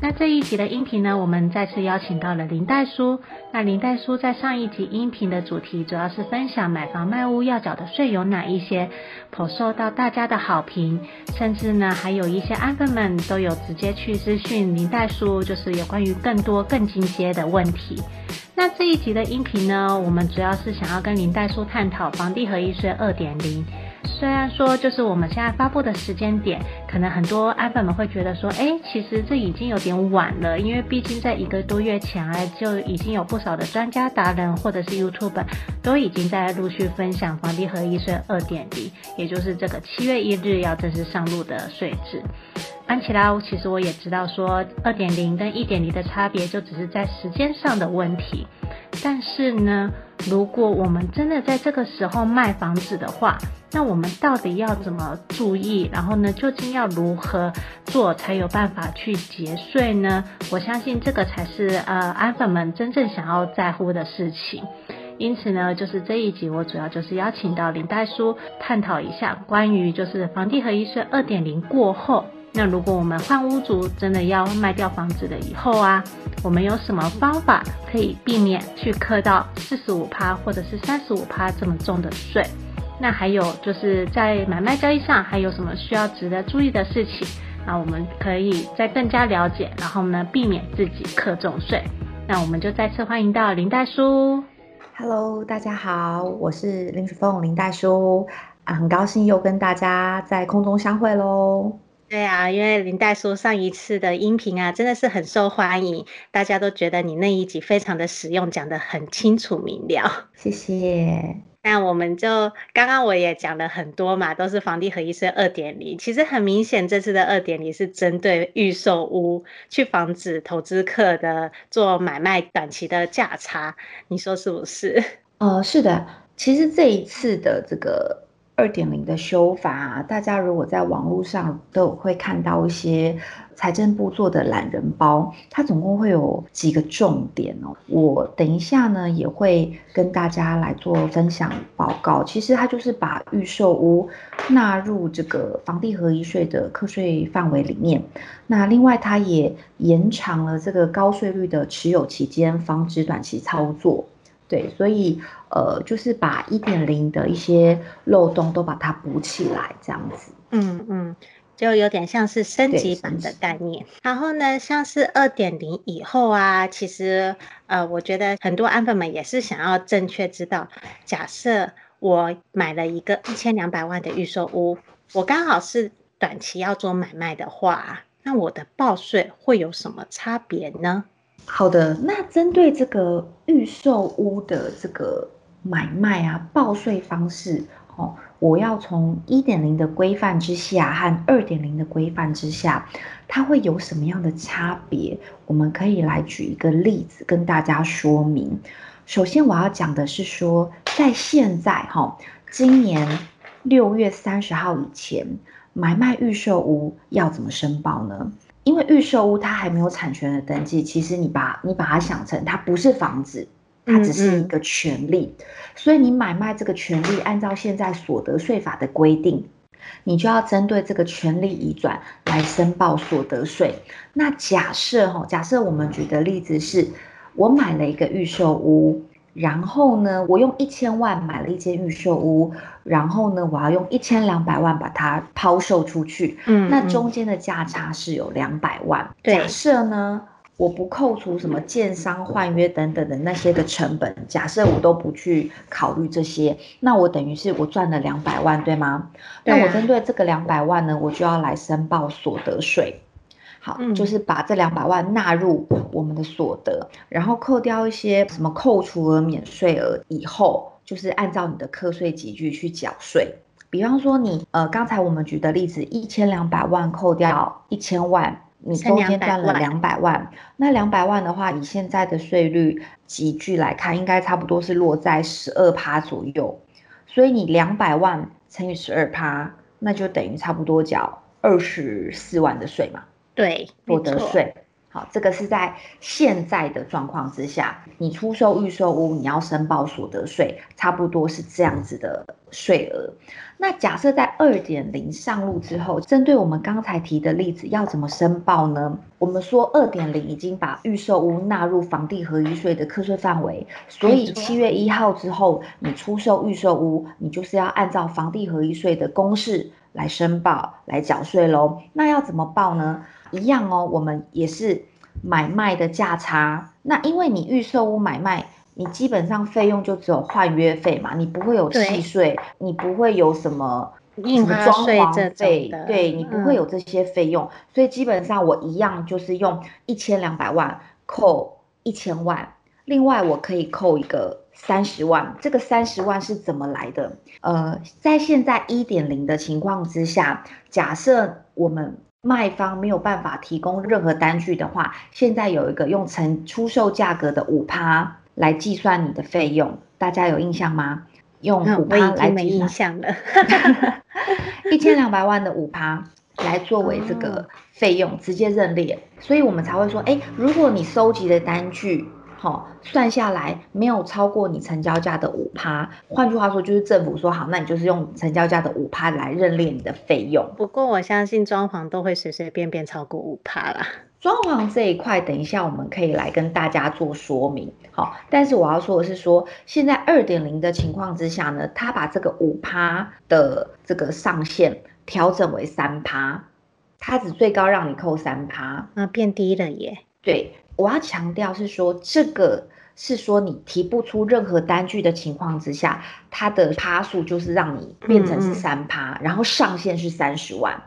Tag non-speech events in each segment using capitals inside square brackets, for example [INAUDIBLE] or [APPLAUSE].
那這一集的音頻呢，我們再次邀請到了林代書。那林代書在上一集音頻的主題主要是分享買房賣屋要繳的稅有哪一些，頗受到大家的好評，甚至呢還有一些阿哥們都有直接去諮詢林代書，就是有關於更多更進階的問題。那這一集的音頻呢，我們主要是想要跟林代書探討房地合一稅二點零。雖然說，就是我們現在發佈的時間點，可能很多安粉們會覺得說，哎、欸，其實這已經有點晚了，因為畢竟在一個多月前，啊，就已經有不少的專家達人或者是 YouTuber 都已經在陸續分享房地合一稅二點零，也就是這個七月一日要正式上路的稅制。安琪拉，其實我也知道說，二點零跟一點零的差別就只是在時間上的問題，但是呢，如果我們真的在這個時候賣房子的話，那我們到底要怎麼注意？然後呢，究竟要如何做才有辦法去節稅呢？我相信這個才是呃，安粉們真正想要在乎的事情。因此呢，就是這一集我主要就是邀請到林代書探討一下關於就是房地合一稅二點零過後，那如果我們換屋主族真的要賣掉房子了以後啊，我們有什麼方法可以避免去課到四十五趴或者是三十五趴這麼重的稅？那還有就是在買賣交易上還有什麼需要值得注意的事情？那我們可以再更加了解，然後呢，避免自己課重稅。那我們就再次歡迎到林代書。Hello，大家好，我是林雪鳳林代書啊，很高興又跟大家在空中相會嘍。對啊，因為林代書上一次的音頻啊，真的是很受歡迎，大家都覺得你那一集非常的實用，講得很清楚明了，謝謝。那我們就剛剛我也講了很多嘛，都是房地合一稅二點零。其實很明顯，這次的二點零是針對預售屋去防止投資客的做買賣短期的價差，你說是不是？哦、呃，是的，其實這一次的這個。二點零的修法，大家如果在網絡上都有會看到一些財政部做的懶人包，它總共會有幾個重點哦，我等一下呢也會跟大家來做分享報告。其實它就是把預售屋納入這個房地合一稅的課稅範圍裡面。那另外它也延長了這個高稅率的持有期間，防止短期操作。對，所以呃，就是把一點零的一些漏洞都把它補起來，這樣子。嗯嗯，就有點像是升級版的概念。然後呢，像是二點零以後啊，其實呃，我覺得很多安粉們也是想要正確知道，假設我買了一個一千兩百萬的預售屋，我剛好是短期要做買賣的話，那我的報稅會有什麼差別呢？好的，那針對這個預售屋的這個買賣啊，報稅方式哦，我要從一點零的規範之下和二點零的規範之下，它會有什麼樣的差別？我們可以來舉一個例子跟大家說明。首先我要講的是說，在現在哈、哦，今年六月三十號以前，買賣預售屋要怎麼申報呢？因為預售屋它還沒有產權的登記，其實你把你把它想成它不是房子，它只是一個權利，嗯嗯。所以你買賣這個權利，按照現在所得稅法的規定，你就要針對這個權利移轉來申報所得稅。那假設哈、哦，假設我們舉的例子是我買了一個預售屋。然後呢，我用一千萬買了一間預售屋，然後呢，我要用一千兩百萬把它拋售出去，嗯，那中間的價差是有兩百萬。對假設呢，我不扣除什麼建商換約等等的那些的成本，假設我都不去考慮這些，那我等於是我賺了兩百萬，對嗎？那我針對這個兩百萬呢，我就要來申報所得稅。嗯，就是把這兩百萬納入我們的所得，嗯、然後扣掉一些什麼扣除額、免稅額以後，就是按照你的課稅級距去繳稅。比方說你呃，剛才我們舉的例子，一千兩百萬扣掉一千萬，你中間賺了兩百萬，萬那兩百萬的話，以現在的稅率級距來看，應該差不多是落在十二趴左右。所以你兩百萬乘以十二趴，那就等於差不多繳二十四萬的稅嘛。對，所得稅，好，這個是在現在的狀況之下，你出售預售屋，你要申報所得稅，差不多是這樣子的稅額。那假設在二點零上路之後，針對我們剛才提的例子，要怎麼申報呢？我們說二點零已經把預售屋納入房地合一稅的課稅範圍，所以七月一號之後，你出售預售屋，你就是要按照房地合一稅的公式。來申報，來繳稅嘍。那要怎麼報呢？一樣哦，我們也是買賣的價差。那因為你預售屋買賣，你基本上費用就只有換約費嘛，你不會有契稅，對你不會有什麼印花稅費，對，對、嗯、你不會有這些費用，所以基本上我一樣就是用一千兩百萬扣一千萬，另外我可以扣一個。三十萬，這個三十萬是怎麼來的？呃，在現在一點零的情況之下，假設我們賣方沒有辦法提供任何單據的話，現在有一個用成出售價格的五趴來計算你的費用，大家有印象嗎？用五趴來計算。嗯，我已經沒印象了。一千兩百萬的五趴來作為這個費用直接認列，所以我們才會說，哎，如果你收集的單據。好，算下來沒有超過你成交價的五趴，換句話說就是政府說好，那你就是用成交價的五趴來認列你的費用。不過我相信裝潢都會隨隨便便超過五趴啦。裝潢這一塊，等一下我們可以來跟大家做說明。好，但是我要說的是說，現在二點零的情況之下呢，他把這個五趴的這個上限調整為三趴，他只最高讓你扣三趴。那變低了耶。對。我要強調是說，這個是說你提不出任何單據的情況之下，它的趴數就是讓你變成是三趴，嗯嗯。然後上限是三十萬。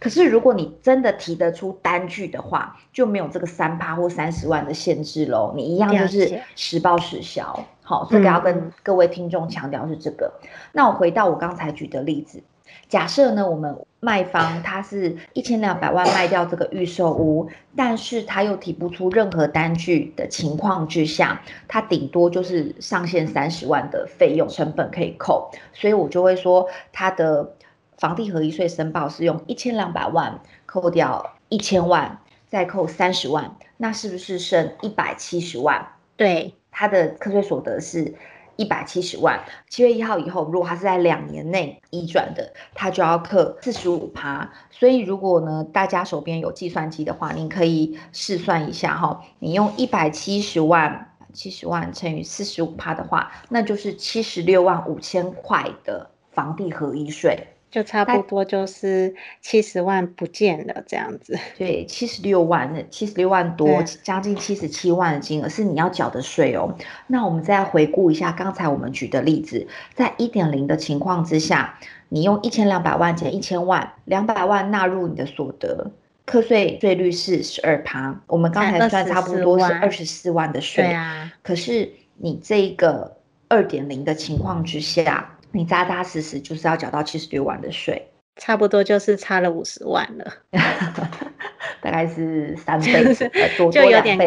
可是如果你真的提得出單據的話，就沒有這個三趴或三十萬的限制嘍，你一樣就是實報實銷。好，了解。這個要跟各位聽眾強調是這個。嗯嗯。那我回到我剛才舉的例子。假設呢，我們賣方他是一千兩百萬賣掉這個預售屋，但是他又提不出任何單據的情況之下，他頂多就是上限三十萬的費用成本可以扣，所以我就會說他的房地合一稅申報是用一千兩百萬扣掉一千萬，再扣三十萬，那是不是剩一百七十萬？對，他的課稅所得是，一百七十萬，七月一號以後，如果他是在兩年內移轉的，他就要課四十五趴。所以，如果呢，大家手邊有計算機的話，您可以試算一下哈、哦。你用一百七十萬，七十萬乘以四十五趴的話，那就是七十六萬五千塊的房地合一稅。就差不多就是七十萬不見了這樣子，對，七十六萬，那七十六萬多，嗯、將近七十七萬的金額是你要繳的稅哦。那我們再回顧一下剛才我們舉的例子，在一點零的情況之下，你用一千兩百萬減一千萬，兩百萬,萬納入你的所得，課稅稅率是十二趴，我們剛才算差不多是二十四萬的稅啊。啊可是你這一個二點零的情況之下。你扎扎實實就是要繳到七十六萬的稅，差不多就是差了五十萬了， [LAUGHS] 大概是三倍、就是、多，就有點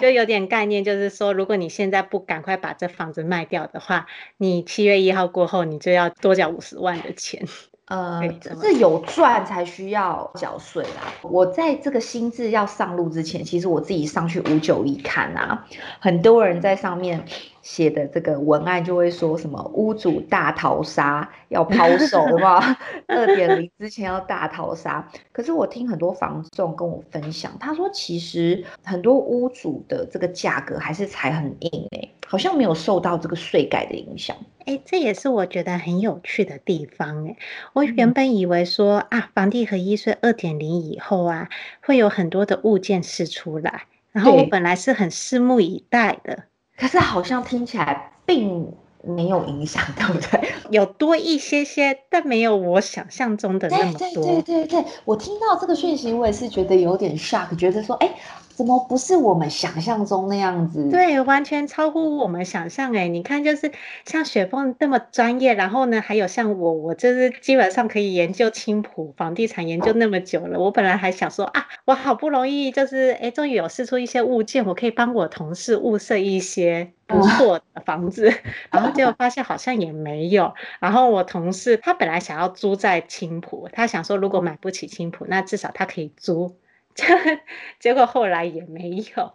就有點概念，就是說，如果你現在不趕快把這房子賣掉的話，你七月一號過後，你就要多繳五十萬的錢。呃、嗯， [LAUGHS] 嗯、是有賺才需要繳稅啦。 [LAUGHS] 我在這個新制要上路之前，其實我自己上去五九一看啊，很多人在上面、嗯。寫的這個文案就會說什麼屋主大逃殺要拋售嘛？二點零之前要大逃殺。可是我聽很多房仲跟我分享，他說其實很多屋主的這個價格還是才很硬，欸、好像沒有受到這個稅改的影響哎、欸，這也是我覺得很有趣的地方，欸、我原本以為說啊，房地合一稅二點零以後啊，會有很多的物件釋出來，然後我本來是很拭目以待的。可是好像聽起來並沒有影響，對不對？有多一些些，但沒有我想象中的那麼多。對對對對，我聽到這個訊息，我也是覺得有點 shock，覺得說，哎、欸。怎麼不是我們想象中那樣子？對，完全超乎我們想象哎、欸！你看，就是像雪鳳這麼專業，然後呢，還有像我，我就是基本上可以研究青浦房地產研究那麼久了，我本來還想說啊，我好不容易就是哎，欸，終於有釋出一些物件，我可以幫我同事物色一些不錯的房子，嗯、然後結果發現好像也沒有。然後我同事他本來想要租在青浦，他想說如果買不起青浦，那至少他可以租。 [LAUGHS] 結果後來也沒有，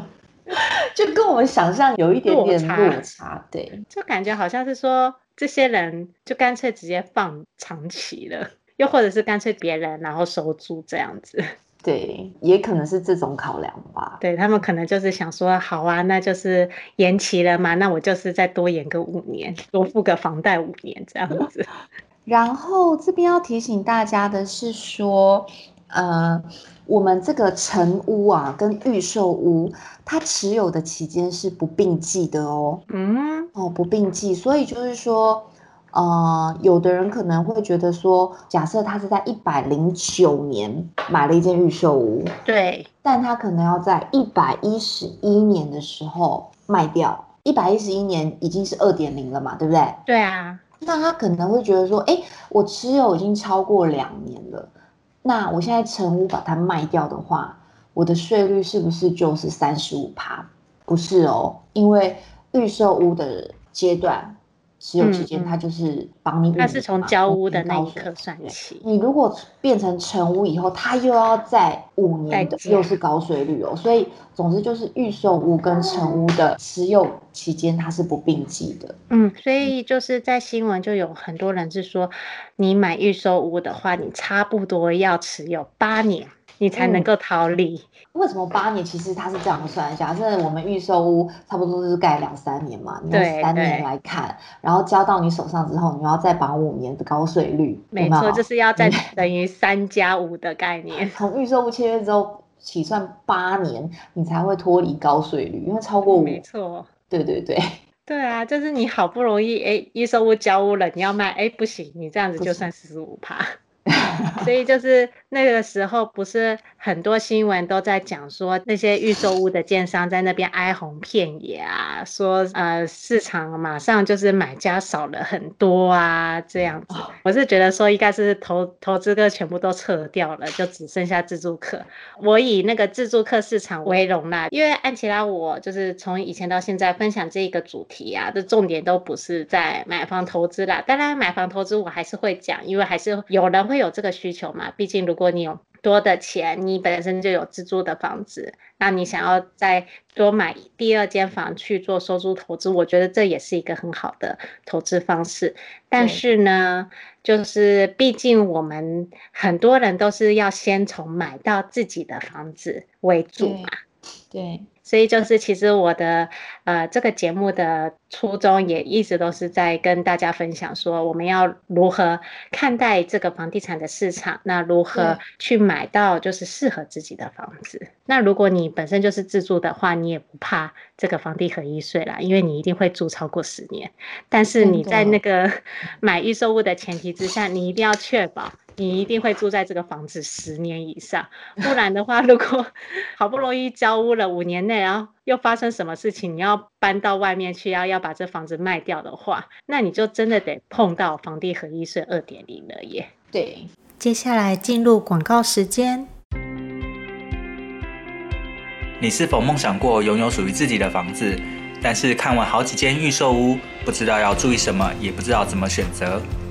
[LAUGHS] 就跟我們想象有一點點差落差，對，就感覺好像是說這些人就乾脆直接放長期了，又或者是乾脆別人然後收租這樣子，對，也可能是這種考量吧，對他們可能就是想說，好啊，那就是延期了嘛，那我就是再多延個五年，多付個房貸五年這樣子， [LAUGHS] 然後這邊要提醒大家的是說，呃。我們這個成屋啊，跟預售屋，它持有的期間是不併計的哦。嗯，哦，不併計，所以就是說，呃，有的人可能會覺得說，假設他是在一百零九年買了一間預售屋，對，但他可能要在一百一十一年的時候賣掉，一百一十一年已經是二點零了嘛，對不對？對啊，那他可能會覺得說，哎，我持有已經超過兩年了。那我現在成屋把它賣掉的話，我的稅率是不是就是三十五趴？不是哦，因為預售屋的階段。持有期間，它就是幫你那、嗯、是從交屋的那一刻算起。你如果變成成屋以後，它又要在五年的又是高稅率哦。所以，總之就是預售屋跟成屋的持有期間，它是不併計的。嗯，所以就是在新聞就有很多人是說，你買預售屋的話，你差不多要持有八年。你才能夠逃離、嗯？為什麼八年？其實它是這樣算一下，現在我們預售屋差不多就是蓋兩三年嘛，用三對年來看，對然後交到你手上之後，你要再綁五年的高稅率。沒錯錯，沒就是要再等於三加五的概念。從預、嗯、售屋簽約之後起算八年，你才會脫離高稅率，因為超過五錯。沒錯。對對對。對啊，就是你好不容易哎預、欸、售屋交屋了，你要賣哎、欸、不行，你這樣子就算四十五趴。 [LAUGHS] 所以就是那個時候，不是很多新聞都在講說那些預售屋的建商在那邊哀鴻遍野啊，說呃市場馬上就是買家少了很多啊這樣子。我是覺得說應該是投投資客全部都撤掉了，就只剩下自住客。我以那個自住客市場為榮啦，因為安琪拉我就是從以前到現在分享這一個主題啊，的重點都不是在買房投資啦。當然買房投資我還是會講，因為還是有人會。有這個需求嘛，畢竟如果你有多的錢，你本身就有自住的房子，那你想要再多買第二間房去做收租投資，我覺得這也是一個很好的投資方式。但是呢，對 就是畢竟我們很多人都是要先從買到自己的房子為主嘛，對，對。所以就是，其實我的呃這個節目的初衷也一直都是在跟大家分享，說我們要如何看待這個房地產的市場，那如何去買到就是適合自己的房子。嗯、那如果你本身就是自住的話，你也不怕這個房地合一稅啦，因為你一定會住超過十年。但是你在那個買預售屋的前提之下，你一定要確保。你一定會住在這個房子十年以上，不然的話，如果好不容易交屋了五年內，啊又發生什麼事情，你要搬到外面去，要要把這房子賣掉的話，那你就真的得碰到房地合一稅二點零了耶。對，接下來進入廣告時間。你是否夢想過擁有屬於自己的房子？但是看完好幾間預售屋，不知道要注意什麼，也不知道怎麼選擇？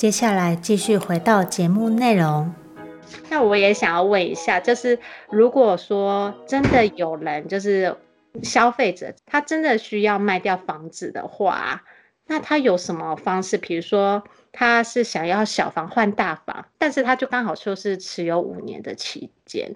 接下來繼續回到節目內容。那我也想要問一下，就是如果說真的有人，就是消費者，他真的需要賣掉房子的話，那他有什麼方式？比如說，他是想要小房換大房，但是他就剛好說是持有五年的期間。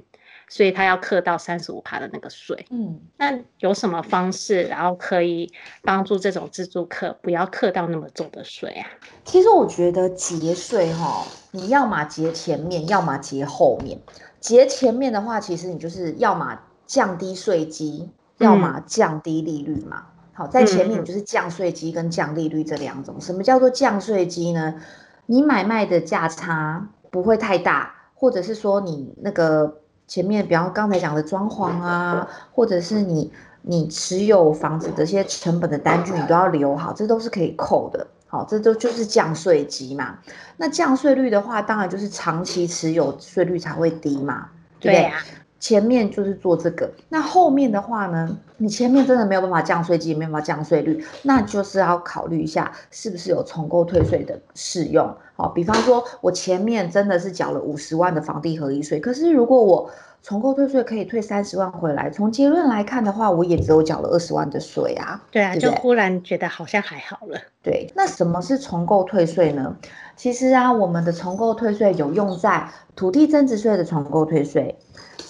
所以他要課到三十五趴的那個稅，嗯，那有什麼方式，然後可以幫助這種自住客不要課到那麼重的稅啊？其實我覺得節稅哈、哦，你要麼節前面，要麼節後面。節前面的話，其實你就是要麼降低稅基，嗯、要麼降低利率嘛。好，在前面你就是降稅基跟降利率這兩種。嗯、什麼叫做降稅基呢？你買賣的價差不會太大，或者是說你那個。前面比方剛才講的裝潢啊，或者是你你持有房子這些成本的單據，你都要留好，這都是可以扣的。好、哦，這都就是降稅基嘛。那降稅率的話，當然就是長期持有稅率才會低嘛，對不對對、啊前面就是做這個，那後面的話呢？你前面真的沒有辦法降稅基，沒有辦法降稅率，那就是要考慮一下是不是有重購退稅的適用。好，比方說我前面真的是繳了五十萬的房地合一稅，可是如果我重購退稅可以退三十萬回來，從結論來看的話，我也只有繳了二十萬的稅啊。對啊，對不對？就忽然覺得好像還好了。對，那什麼是重購退稅呢？其實啊，我們的重購退稅有用在土地增值稅的重購退稅。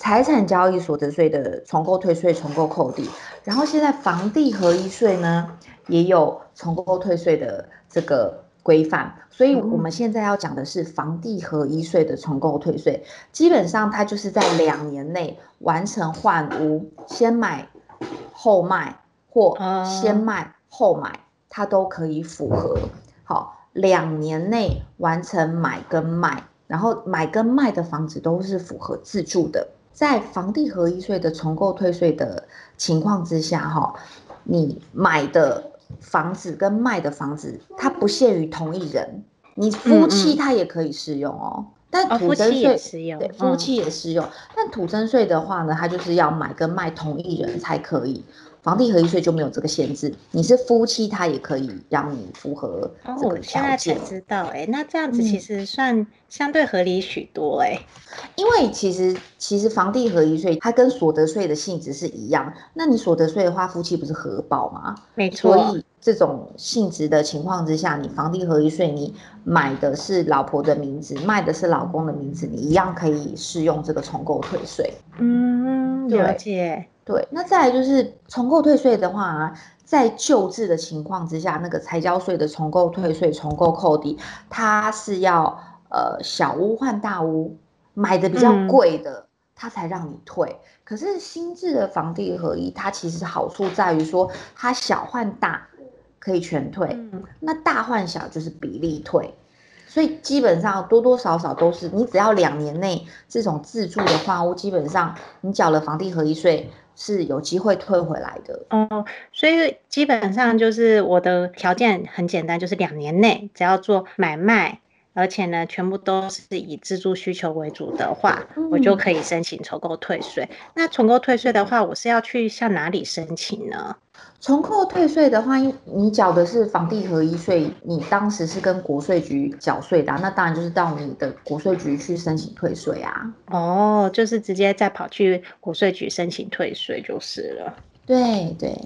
財產交易所得稅的重購退稅，重購扣抵，然後現在房地合一稅呢也有重購退稅的這個規範，所以我們現在要講的是房地合一稅的重購退稅，基本上它就是在兩年內完成換屋，先買後賣或先賣後買，它都可以符合。好，兩年內完成買跟賣，然後買跟賣的房子都是符合自住的。在房地合一稅的重購退稅的情況之下，哈，你買的房子跟賣的房子，它不限於同一人，你夫妻他也可以適用哦。嗯嗯，但土增稅對、哦、夫妻也適對、嗯、用，但土增稅的話呢，它就是要買跟賣同一人才可以，房地合一稅就沒有這個限制，你是夫妻他也可以讓你符合這個、哦、我現在才知道、欸，哎，那這樣子其實算相對合理許多、欸，哎、嗯，因為其實。其實房地合一稅它跟所得稅的性質是一樣，那你所得稅的話，夫妻不是合報嗎？沒錯。所以這種性質的情況之下，你房地合一稅你買的是老婆的名字，賣的是老公的名字，你一樣可以適用這個重購退稅。嗯，了解對。對，那再來就是重購退稅的話、啊，在舊制的情況之下，那個才交稅的重購退稅、重購扣抵，它是要呃小屋換大屋，買的比較貴的。嗯他才讓你退，可是新制的房地合一，它其實好處在於說，它小換大可以全退，那大換小就是比例退，所以基本上多多少少都是，你只要兩年內這種自住的房屋，基本上你繳了房地合一稅是有機會退回來的。哦、嗯，所以基本上就是我的條件很簡單，就是兩年內只要做買賣。而且呢，全部都是以自住需求為主的話，我就可以申請重購退稅。嗯。那重購退稅的話，我是要去向哪裡申請呢？重購退稅的話，因你繳的是房地合一稅，你當時是跟國稅局繳稅的啊，那當然就是到你的國稅局去申請退稅啊。哦，就是直接再跑去國稅局申請退稅就是了。對對。對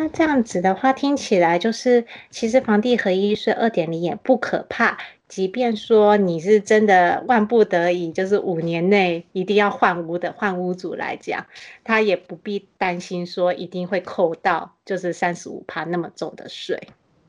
那這樣子的話，聽起來就是，其實房地合一稅二點零也不可怕。即便說你是真的萬不得已，就是五年內一定要換屋的換屋主來講，他也不必擔心說一定會扣到就是三十五趴那麼重的稅。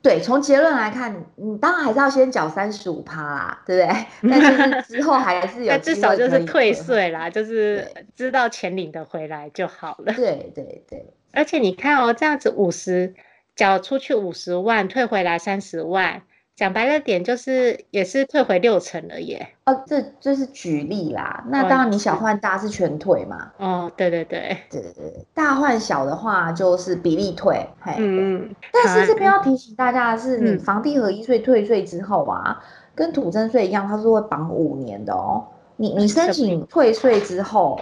對，從結論來看，你當然還是要先繳三十五趴啦，對不對？ [LAUGHS] 但就是之後還是有 [LAUGHS] 至少就是退稅啦， [LAUGHS] 就是知道錢領得回來就好了。對，對對對。而且你看哦，這樣子五十繳出去五十萬，退回來三十萬，講白了點就是也是退回六成了耶。哦，這這是舉例啦。那當然，你小換大是全退嘛。哦，對對對對對對，大換小的話就是比例退。嗯嗯。嘿嗯，但是這邊要提醒大家的是，你房地合一稅退稅之後啊，嗯、跟土增稅一樣，它是會綁五年的哦。你你申請退稅之後。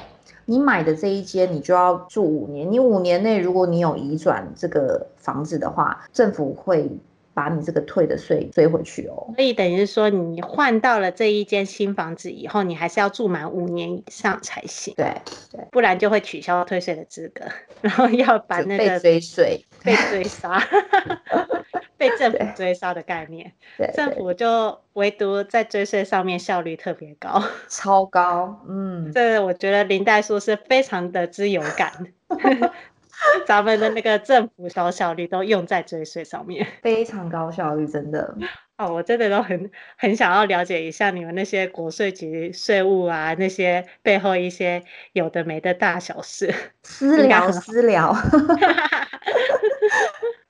你買的這一間，你就要住五年。你五年內，如果你有移轉這個房子的話，政府會。把你這個退的稅追回去哦，所以等於是說你換到了這一間新房子以後，你還是要住滿五年以上才行。對，對不然就會取消退稅的資格，然後要把那個被追稅、被追殺、 [LAUGHS] [LAUGHS] 被政府追殺的概念。對，對對政府就唯獨在追稅上面效率特別高，超高。嗯，這我覺得林代書是非常的自由感。 [LAUGHS] [LAUGHS] 咱們的那個政府高效率都用在追稅上面，非常高效率，真的。哦，我真的都很很想要了解一下你們那些國稅局稅務啊，那些背後一些有的沒的大小事。私聊，私聊。 [LAUGHS]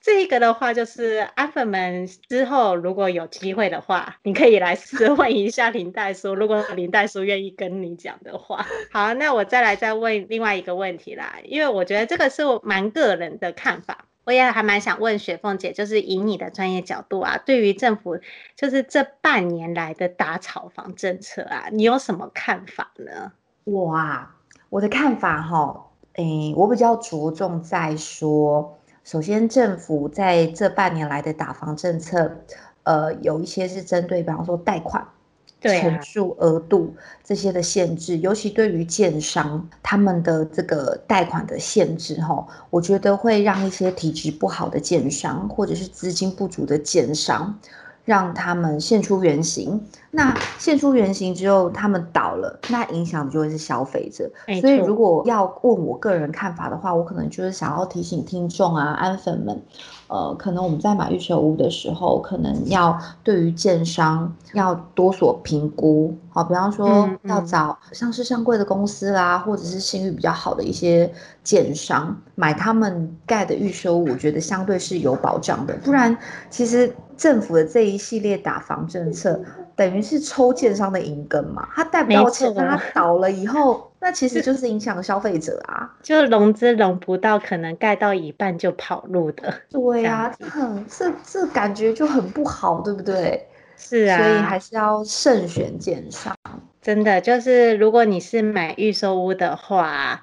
這一個的話，就是阿粉們之後如果有機會的話，你可以來試問一下林代書， [LAUGHS] 如果林代書願意跟你講的話。好，那我再來再問另外一個問題啦，因為我覺得這個是蠻個人的看法，我也還蠻想問雪鳳姐，就是以你的專業角度啊，對於政府就是這半年來的打炒房政策啊，你有什麼看法呢？我啊，我的看法哈、哦，誒、嗯，我比較着重在說，首先，政府在這半年來的打房政策，呃，有一些是針對，比方說貸款、對，成數額度這些的限制，啊、尤其對於建商他們的這個貸款的限制，哈，我覺得會讓一些體質不好的建商，或者是資金不足的建商，讓他們現出原形。那現出原形之後，他們倒了，那影響就會是消費者。欸、所以，如果要問我個人看法的話，我可能就是想要提醒聽眾啊，安粉們，呃，可能我們在買預售屋的時候，可能要對於建商要多所評估好、啊，比方說要找像是上市上櫃的公司啦，嗯、或者是信譽比較好的一些建商買他們蓋的預售屋，我覺得相對是有保障的。不然，其實政府的這一系列打房政策，嗯等於是抽建商的銀根嘛，他貸不到錢，他、啊、倒了以後，那其實就是影響消費者啊，就融資融不到，可能蓋到一半就跑路的。對啊，這這，很這，這感覺就很不好，對不對？是啊，所以還是要慎選建商。真的，就是如果你是買預售屋的話。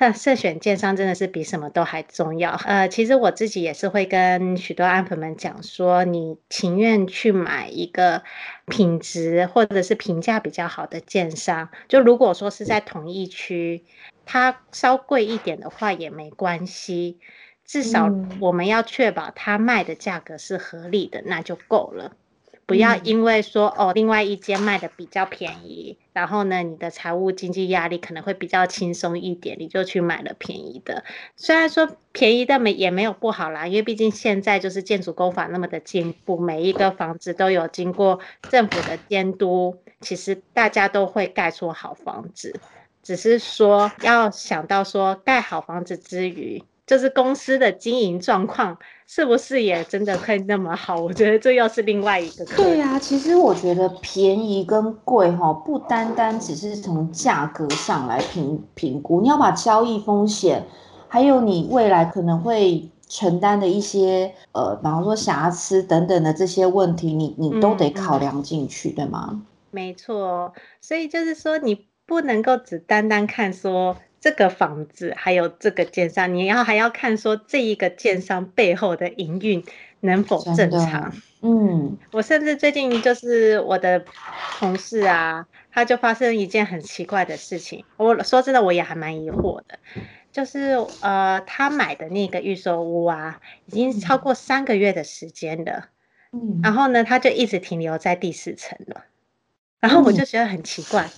那，慎選建商真的是比什麼都還重要。呃，其實我自己也是會跟許多安粉們講說，你情願去買一個品質或者是評價比較好的建商，就如果說是在同一區，它稍貴一點的話也沒關係，至少我們要確保它賣的價格是合理的，那就夠了。不要因為說哦，另外一間賣的比較便宜，然後呢，你的財務經濟壓力可能會比較輕鬆一點，你就去買了便宜的。雖然說便宜的沒也沒有不好啦，因為畢竟現在就是建築工法那麼的進步，每一個房子都有經過政府的監督，其實大家都會蓋出好房子，只是說要想到說蓋好房子之餘，就是公司的經營狀況是不是也真的會那麼好？我覺得這又是另外一個。對啊，其實我覺得便宜跟貴哈，不單單只是從價格上來評評估，你要把交易風險，還有你未來可能會承擔的一些呃，比方說瑕疵等等的這些問題，你你都得考量進去，嗯、對嗎？沒錯，所以就是說你不能夠只單單看說。這個房子還有這個建商，你要還要看說這一個建商背後的營運能否正常。嗯。嗯，我甚至最近就是我的同事啊，他就發生一件很奇怪的事情。我說真的，我也還蠻疑惑的，就是呃，他買的那個預售屋啊，已經超過三個月的時間了。嗯。然後呢，他就一直停留在第四層了。然後我就覺得很奇怪。嗯。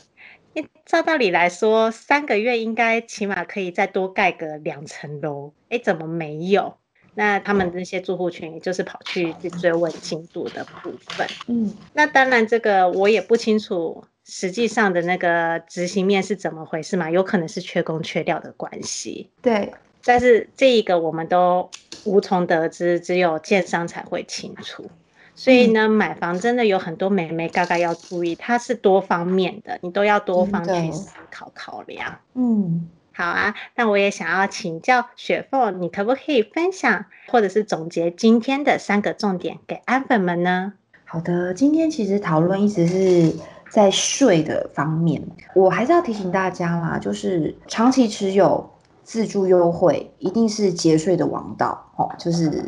照道理來說，三個月應該起碼可以再多蓋個兩層樓。哎、欸，怎麼沒有？那他們那些住戶群也就是跑去去追問進度的部分。嗯，那當然這個我也不清楚，實際上的那個執行面是怎麼回事嘛？有可能是缺工缺料的關係。對，但是這一個我們都無從得知，只有建商才會清楚。所以呢，嗯、買房真的有很多眉眉角角要注意，它是多方面的，你都要多方去思考考量。的嗯，好啊，那我也想要請教雪鳳，你可不可以分享或者是總結今天的三個重點給安粉們呢？好的，今天其實討論一直是在稅的方面，我還是要提醒大家啦，就是長期持有自住優惠一定是節稅的王道，哦，就是。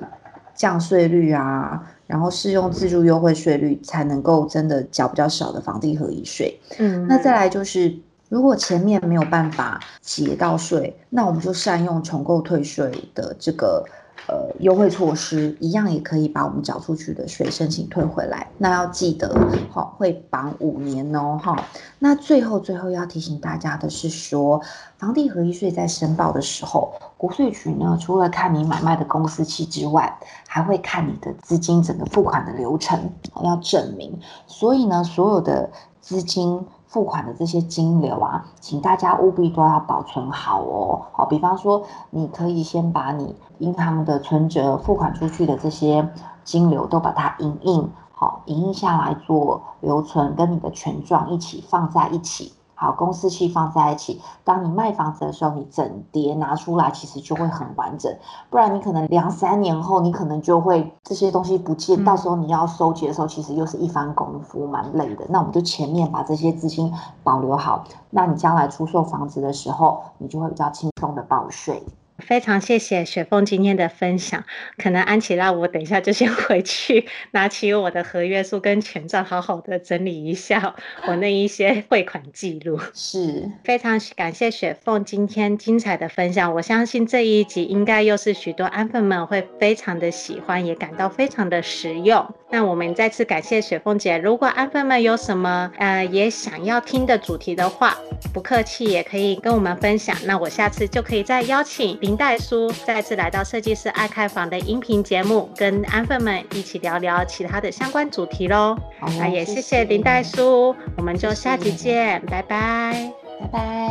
降稅率啊，然後適用自住優惠稅率，才能夠真的繳比較少的房地合一稅。嗯，那再來就是，如果前面沒有辦法節到稅，那我們就善用重購退稅的這個。呃，優惠措施一樣也可以把我們繳出去的稅申請退回來。那要記得，哈、哦，會綁五年哦，哈、哦。那最後最後要提醒大家的是說，房地合一稅在申報的時候，國稅局呢，除了看你買賣的公司期之外，還會看你的資金整個付款的流程，要證明。所以呢，所有的資金。付款的這些金流啊，請大家務必都要保存好哦。好，比方說，你可以先把你銀行的存摺付款出去的這些金流都把它影印好，影印下來做留存，跟你的權狀一起放在一起。好，公司器放在一起。當你賣房子的時候，你整疊拿出來，其實就會很完整。不然你可能兩三年後，你可能就會這些東西不見，到時候你要收集的時候，其實又是一番功夫，蠻累的。那我們就前面把這些資金保留好，那你將來出售房子的時候，你就會比較輕鬆的報稅。非常謝謝雪鳳今天的分享，可能安琪拉我等一下就先回去拿起我的合約書跟權狀，好好的整理一下我那一些匯款記錄。是非常感謝雪鳳今天精彩的分享，我相信這一集應該又是許多安粉們會非常的喜歡，也感到非常的實用。那我們再次感謝雪鳳姐，如果安粉們有什麼呃也想要聽的主題的話，不客氣，也可以跟我們分享，那我下次就可以再邀請。林代書再次來到設計師愛看房的音頻節目，跟安粉們一起聊聊其他的相關主題嘍。那好也謝謝林代書，我們就下集見，謝謝拜拜，拜拜。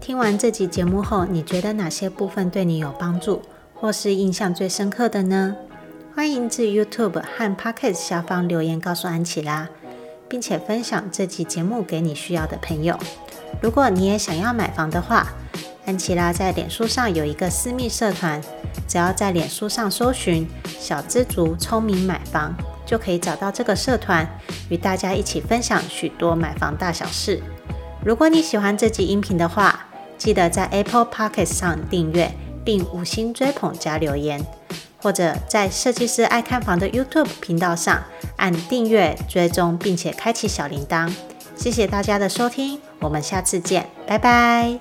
聽完這集節目後，你覺得哪些部分對你有幫助，或是印象最深刻的呢？歡迎至 YouTube 和 Podcast 下方留言告訴安琪拉，並且分享這集節目給你需要的朋友。如果你也想要買房的話，安琪拉在臉書上有一個私密社團，只要在臉書上搜尋“小資族聰明買房”，就可以找到這個社團，與大家一起分享許多買房大小事。如果你喜歡這集音頻的話，記得在 Apple Podcast 上訂閱，並五星追捧加留言，或者在設計師愛看房的 YouTube 頻道上按訂閱追蹤，並且開啟小鈴鐺。謝謝大家的收聽，我們下次見，拜拜。